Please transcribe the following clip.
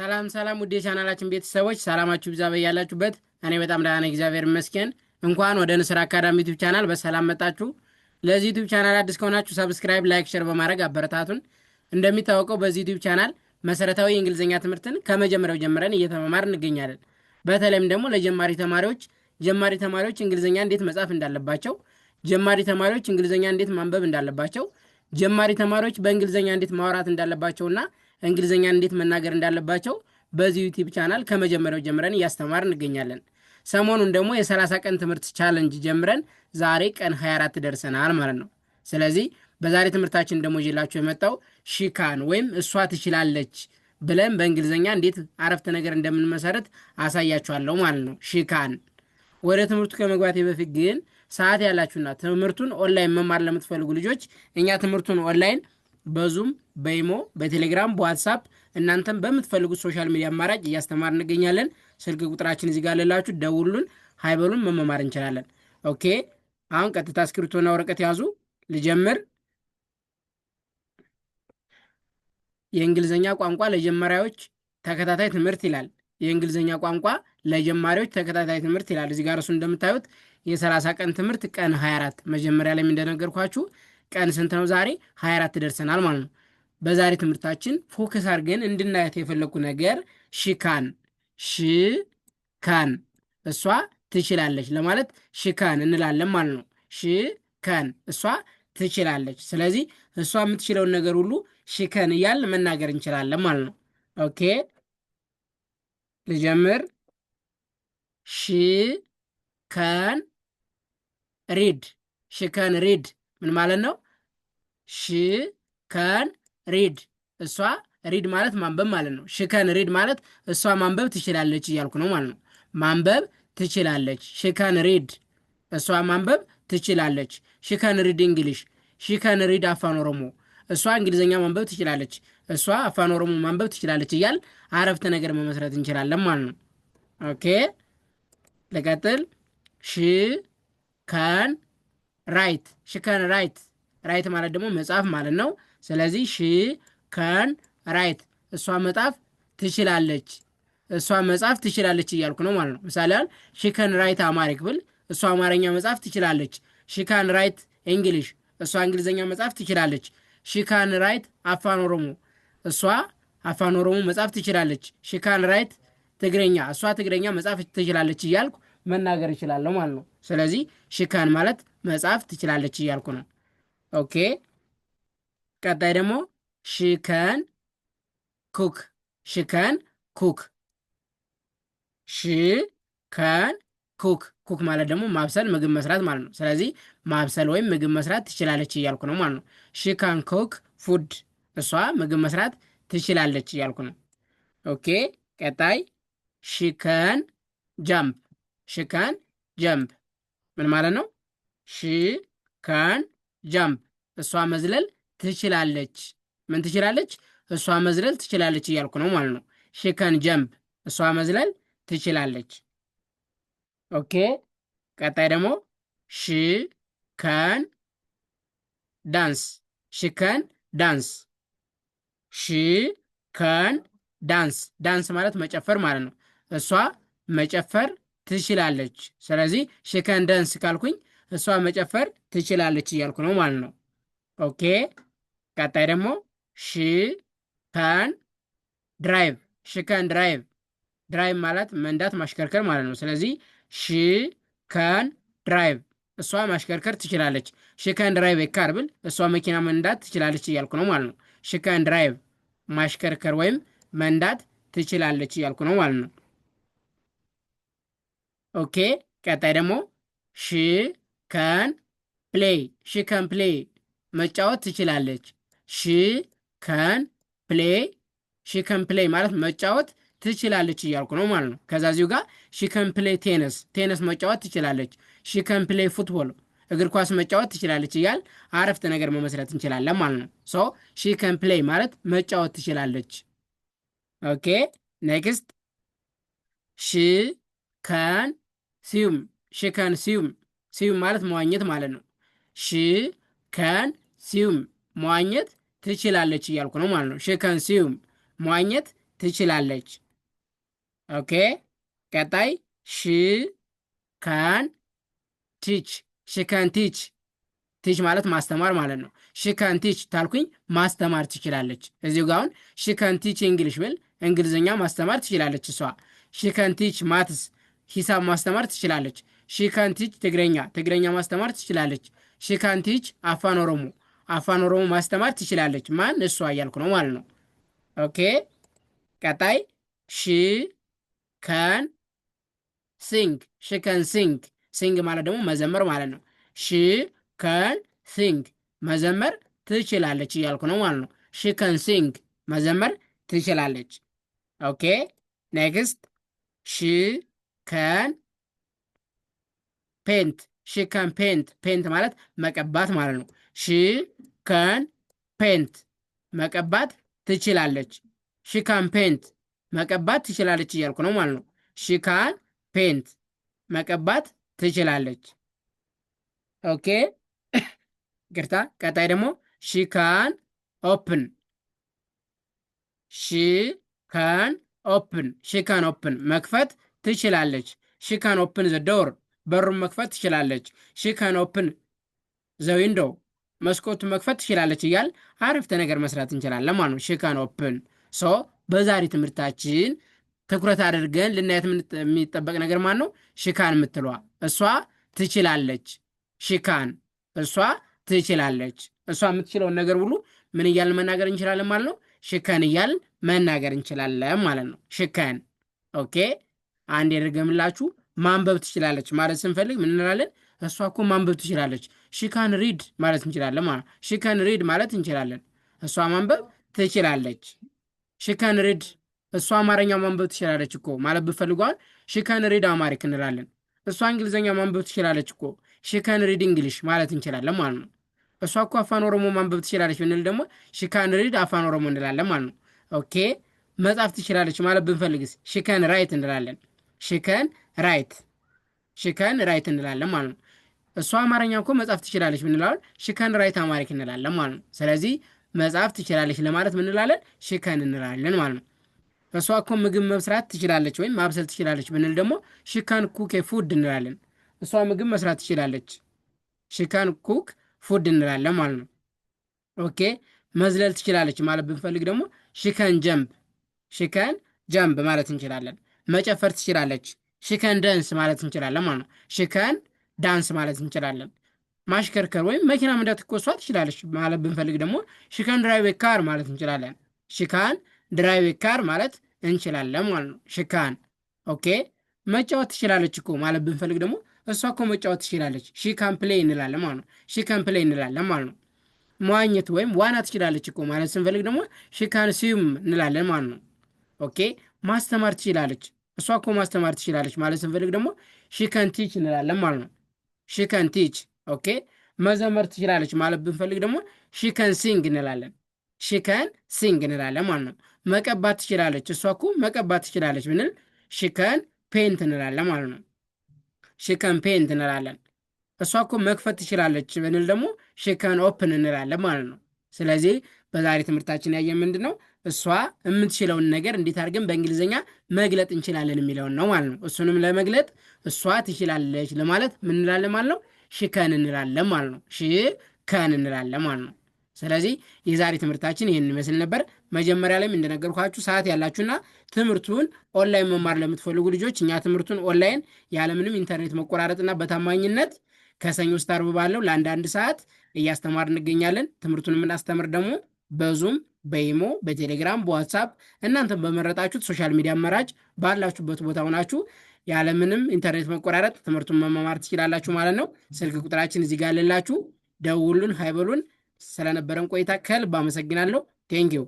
ሰላም ሰላም ውዴ ቻናላችን ቤተሰቦች ሰላማችሁ ብዛ በያላችሁበት። እኔ በጣም ደህና ነኝ፣ እግዚአብሔር ይመስገን። እንኳን ወደ ንስር አካዳሚ ዩቱብ ቻናል በሰላም መጣችሁ። ለዚህ ዩቱብ ቻናል አዲስ ከሆናችሁ ሰብስክራይብ፣ ላይክ፣ ሸር በማድረግ አበረታቱን። እንደሚታወቀው በዚህ ዩቱብ ቻናል መሰረታዊ የእንግሊዝኛ ትምህርትን ከመጀመሪያው ጀምረን እየተመማር እንገኛለን። በተለይም ደግሞ ለጀማሪ ተማሪዎች ጀማሪ ተማሪዎች እንግሊዝኛ እንዴት መጻፍ እንዳለባቸው፣ ጀማሪ ተማሪዎች እንግሊዝኛ እንዴት ማንበብ እንዳለባቸው፣ ጀማሪ ተማሪዎች በእንግሊዝኛ እንዴት ማውራት እንዳለባቸውና እንግሊዝኛን እንዴት መናገር እንዳለባቸው በዚህ ዩቲዩብ ቻናል ከመጀመሪያው ጀምረን እያስተማር እንገኛለን። ሰሞኑን ደግሞ የ30 ቀን ትምህርት ቻለንጅ ጀምረን ዛሬ ቀን 24 ደርሰናል ማለት ነው። ስለዚህ በዛሬ ትምህርታችን ደግሞ ይዤላችሁ የመጣው ሺካን ወይም እሷ ትችላለች ብለን በእንግሊዝኛ እንዴት አረፍተ ነገር እንደምንመሰረት አሳያችኋለሁ ማለት ነው። ሺካን ወደ ትምህርቱ ከመግባቴ በፊት ግን ሰዓት ያላችሁና ትምህርቱን ኦንላይን መማር ለምትፈልጉ ልጆች እኛ ትምህርቱን ኦንላይን በዙም በኢሞ በቴሌግራም በዋትሳፕ እናንተም በምትፈልጉት ሶሻል ሚዲያ አማራጭ እያስተማር እንገኛለን። ስልክ ቁጥራችን እዚህ ጋር ልላችሁ ደውሉን፣ ሀይበሉን መመማር እንችላለን። ኦኬ አሁን ቀጥታ እስክሪብቶና ወረቀት ያዙ፣ ልጀምር። የእንግሊዝኛ ቋንቋ ለጀማሪዎች ተከታታይ ትምህርት ይላል። የእንግሊዝኛ ቋንቋ ለጀማሪዎች ተከታታይ ትምህርት ይላል። እዚህ ጋር እሱ እንደምታዩት የ30 ቀን ትምህርት ቀን 24 መጀመሪያ ላይ እንደነገርኳችሁ ቀን ስንት ነው? ዛሬ 24 ደርሰናል ማለት ነው። በዛሬ ትምህርታችን ፎከስ አድርገን እንድናያት የፈለግኩ ነገር ሽካን ሽካን እሷ ትችላለች ለማለት ሽካን እንላለን ማለት ነው። ሽከን እሷ ትችላለች። ስለዚህ እሷ የምትችለውን ነገር ሁሉ ሽከን እያል መናገር እንችላለን ማለት ነው። ኦኬ ልጀምር። ሽከን ሪድ ሽከን ሪድ ምን ማለት ነው? ሺ ከን ሪድ እሷ ሪድ ማለት ማንበብ ማለት ነው። ሽከን ሪድ ማለት እሷ ማንበብ ትችላለች እያልኩ ነው ማለት ነው። ማንበብ ትችላለች። ሽከን ሪድ እሷ ማንበብ ትችላለች። ሽከን ሪድ እንግሊሽ። ሽከን ሪድ አፋን ኦሮሞ እሷ እንግሊዝኛ ማንበብ ትችላለች። እሷ አፋን ኦሮሞ ማንበብ ትችላለች እያል አረፍተ ነገር መመስረት እንችላለን ማለት ነው። ኦኬ ልቀጥል። ሺ ከን ራይት ሽከን ራይት ራይት ማለት ደግሞ መጽሐፍ ማለት ነው። ስለዚህ ሺ ከን ራይት እሷ መጻፍ ትችላለች፣ እሷ መጻፍ ትችላለች እያልኩ ነው ማለት ነው። ምሳሌ ያህል ሺ ከን ራይት አማሪክ ብል እሷ አማርኛ መጻፍ ትችላለች። ሺ ካን ራይት እንግሊሽ እሷ እንግሊዝኛ መጻፍ ትችላለች። ሺ ካን ራይት አፋን ኦሮሞ እሷ አፋን ኦሮሞ መጻፍ ትችላለች። ሺ ካን ራይት ትግረኛ እሷ ትግረኛ መጻፍ ትችላለች እያልኩ መናገር እችላለሁ ማለት ነው። ስለዚህ ሺካን ማለት መጻፍ ትችላለች እያልኩ ነው። ኦኬ። ቀጣይ ደግሞ ሽከን ኩክ ሽከን ኩክ ሽከን ኩክ ኩክ ማለት ደግሞ ማብሰል ምግብ መስራት ማለት ነው። ስለዚህ ማብሰል ወይም ምግብ መስራት ትችላለች እያልኩ ነው ማለት ነው። ሽካን ኩክ ፉድ እሷ ምግብ መስራት ትችላለች እያልኩ ነው። ኦኬ ቀጣይ ሽከን ጃምፕ ሽከን ጃምፕ ምን ማለት ነው? ሽከን ጃምፕ እሷ መዝለል ትችላለች። ምን ትችላለች? እሷ መዝለል ትችላለች እያልኩ ነው ማለት ነው። ሽከን ጀምፕ እሷ መዝለል ትችላለች። ኦኬ። ቀጣይ ደግሞ ሽከን ዳንስ ሽከን ዳንስ ሺ ከን ዳንስ ዳንስ ማለት መጨፈር ማለት ነው። እሷ መጨፈር ትችላለች። ስለዚህ ሽከን ዳንስ ካልኩኝ እሷ መጨፈር ትችላለች እያልኩ ነው ማለት ነው። ኦኬ ቀጣይ ደግሞ ሺ ከን ድራይቭ ሺ ከን ድራይቭ ድራይቭ ማለት መንዳት ማሽከርከር ማለት ነው። ስለዚህ ሺ ከን ድራይቭ እሷ ማሽከርከር ትችላለች። ሺ ከን ድራይቭ የካር ብል እሷ መኪና መንዳት ትችላለች እያልኩ ነው ማለት ነው። ሺ ከን ድራይቭ ማሽከርከር ወይም መንዳት ትችላለች እያልኩ ነው ማለት ነው። ኦኬ ቀጣይ ደግሞ ሺ ከን ፕሌይ ሺ ከን ፕሌይ መጫወት ትችላለች። ሺ ከን ፕሌይ ሺ ከን ፕሌይ ማለት መጫወት ትችላለች እያልኩ ነው ማለት ነው። ከዛ እዚሁ ጋር ሺ ከን ፕሌይ ቴነስ ቴነስ መጫወት ትችላለች። ሺ ከን ፕሌይ ፉትቦል እግር ኳስ መጫወት ትችላለች እያል አረፍተ ነገር መመስረት እንችላለን ማለት ነው። ሶ ሺ ከን ፕሌይ ማለት መጫወት ትችላለች። ኦኬ ኔክስት ሺ ከን ሲዩም ሺ ከን ሲዩም ሲዩም ማለት መዋኘት ማለት ነው። ሺ ከን ሲዩም መዋኘት ትችላለች እያልኩ ነው ማለት ነው። ሺ ከን ሲዩም መዋኘት ትችላለች። ኦኬ ቀጣይ ሺ ከን ቲች ሽከን ከን ቲች ቲች ማለት ማስተማር ማለት ነው። ሽከን ቲች ታልኩኝ ማስተማር ትችላለች። እዚሁ ጋር አሁን ሽከን ቲች እንግሊሽ ብል እንግሊዝኛ ማስተማር ትችላለች እሷ። ሽከን ቲች ማትስ ሂሳብ ማስተማር ትችላለች። ሺካንቲች ትግረኛ ትግረኛ ማስተማር ትችላለች። ሺካንቲች አፋን ኦሮሞ አፋን ኦሮሞ ማስተማር ትችላለች። ማን እሷ እያልኩ ነው ማለት ነው። ኦኬ ቀጣይ ሺ ከን ሲንግ ሺ ከን ሲንግ ሲንግ ማለት ደግሞ መዘመር ማለት ነው። ሺ ከን ሲንግ መዘመር ትችላለች እያልኩ ነው ማለት ነው። ሺ ከን ሲንግ መዘመር ትችላለች። ኦኬ ኔክስት ሺ ከን ፔንት ሺ ከን ፔንት ፔንት ማለት መቀባት ማለት ነው። ሺ ከን ፔንት መቀባት ትችላለች። ሺ ካን ፔንት መቀባት ትችላለች እያልኩ ነው ማለት ነው። ሺ ካን ፔንት መቀባት ትችላለች። ኦኬ ግርታ። ቀጣይ ደግሞ ሺ ካን ኦፕን ሺ ካን ኦፕን ሺ ካን ኦፕን መክፈት ትችላለች። ሺ ካን ኦፕን ዘ ዶር በሩን መክፈት ትችላለች። ሽከን ኦፕን ዘ ዊንዶው መስኮቱ መክፈት ትችላለች እያል አረፍተ ነገር መስራት እንችላለን ማለት ነው። ሽከን ኦፕን ሶ በዛሬ ትምህርታችን ትኩረት አድርገን ልናየት የሚጠበቅ ነገር ማለት ነው። ሽካን የምትሏ እሷ ትችላለች። ሽካን እሷ ትችላለች። እሷ የምትችለውን ነገር ሁሉ ምን እያልን መናገር እንችላለን ማለት ነው። ሽከን እያልን መናገር እንችላለን ማለት ነው። ሽከን ኦኬ። አንድ የደርገምላችሁ ማንበብ ትችላለች ማለት ስንፈልግ ምን እንላለን? እሷ እኮ ማንበብ ትችላለች። ሺካን ሪድ ማለት እንችላለን። ማለት ሺካን ሪድ ማለት እንችላለን። እሷ ማንበብ ትችላለች። ሺካን ሪድ እሷ አማርኛ ማንበብ ትችላለች እኮ ማለት ብፈልጓል። ሺካን ሪድ አማሪክ እንላለን። እሷ እንግሊዘኛ ማንበብ ትችላለች እኮ ሺካን ሪድ እንግሊሽ ማለት እንችላለን ማለት ነው። እሷ እኮ አፋን ኦሮሞ ማንበብ ትችላለች ብንል ደግሞ ሺካን ሪድ አፋን ኦሮሞ እንላለን ማለት ነው። ኦኬ መጻፍ ትችላለች ማለት ብንፈልግስ ሺካን ራይት እንላለን። ሺካን ራይት ሽከን ራይት እንላለን ማለት ነው። እሷ አማርኛ እኮ መጻፍ ትችላለች ብንላለን ሽከን ራይት አማሪክ እንላለን ማለት ነው። ስለዚህ መጻፍ ትችላለች ለማለት ምንላለን ሽከን እንላለን ማለት ነው። እሷ እኮ ምግብ መስራት ትችላለች ወይም ማብሰል ትችላለች ብንል ደግሞ ሽከን ኩክ ፉድ እንላለን። እሷ ምግብ መስራት ትችላለች ሽከን ኩክ ፉድ እንላለን ማለት ነው። ኦኬ መዝለል ትችላለች ማለት ብንፈልግ ደግሞ ሽከን ጀምብ ሽከን ጀምብ ማለት እንችላለን። መጨፈር ትችላለች ሽከን ደንስ ማለት እንችላለን ማለት ነው። ሽከን ዳንስ ማለት እንችላለን። ማሽከርከር ወይም መኪና መንዳት እኮ እሷ ትችላለች ማለት ብንፈልግ ደግሞ ሽከን ድራይቭ ካር ማለት እንችላለን። ሽካን ድራይቭ ካር ማለት እንችላለን ማለት ነው። ሽካን ኦኬ። መጫወት ትችላለች እኮ ማለት ብንፈልግ ደግሞ እሷ እኮ መጫወት ትችላለች። ሺካን ፕሌይ እንላለን ማለት ነው። ሺካን ፕሌይ እንላለን ማለት ነው። መዋኘት ወይም ዋና ትችላለች እኮ ማለት ስንፈልግ ደግሞ ሺካን ሲዩም እንላለን ማለት ነው። ኦኬ። ማስተማር ትችላለች እሷ እኮ ማስተማር ትችላለች ማለት ስንፈልግ ደግሞ ሽከን ቲች እንላለን ማለት ነው። ሽከን ቲች ኦኬ። መዘመር ትችላለች ማለት ብንፈልግ ደግሞ ሽከን ሲንግ እንላለን። ሽከን ሲንግ እንላለን ማለት ነው። መቀባት ትችላለች፣ እሷ እኮ መቀባት ትችላለች ብንል ሽከን ፔንት እንላለን ማለት ነው። ሽከን ፔንት እንላለን። እሷ እኮ መክፈት ትችላለች ብንል ደግሞ ሽከን ኦፕን እንላለን ማለት ነው። ስለዚህ በዛሬ ትምህርታችን ያየ ምንድን ነው? እሷ የምትችለውን ነገር እንዴት አድርገን በእንግሊዝኛ መግለጥ እንችላለን የሚለውን ነው ማለት ነው። እሱንም ለመግለጥ እሷ ትችላለች ለማለት ምን እንላለን ማለት ነው? ሽከን እንላለን ማለት ነው። ሽከን እንላለን ማለት ነው። ስለዚህ የዛሬ ትምህርታችን ይህን ይመስል ነበር። መጀመሪያ ላይም እንደነገርኳችሁ ሰዓት ያላችሁና ትምህርቱን ኦንላይን መማር ለምትፈልጉ ልጆች እኛ ትምህርቱን ኦንላይን ያለምንም ኢንተርኔት መቆራረጥና በታማኝነት ከሰኞ እስከ ዓርብ ባለው ለአንዳንድ ሰዓት እያስተማር እንገኛለን። ትምህርቱን የምናስተምር ደግሞ በዙም በኢሞ በቴሌግራም በዋትሳፕ እናንተም በመረጣችሁት ሶሻል ሚዲያ አማራጭ ባላችሁበት ቦታ ሆናችሁ ያለምንም ኢንተርኔት መቆራረጥ ትምህርቱን መማማር ትችላላችሁ ማለት ነው። ስልክ ቁጥራችን እዚህ ጋር ያለላችሁ፣ ደውሉን፣ ሀይበሉን። ስለነበረን ቆይታ ከልብ አመሰግናለሁ። ቴንኪው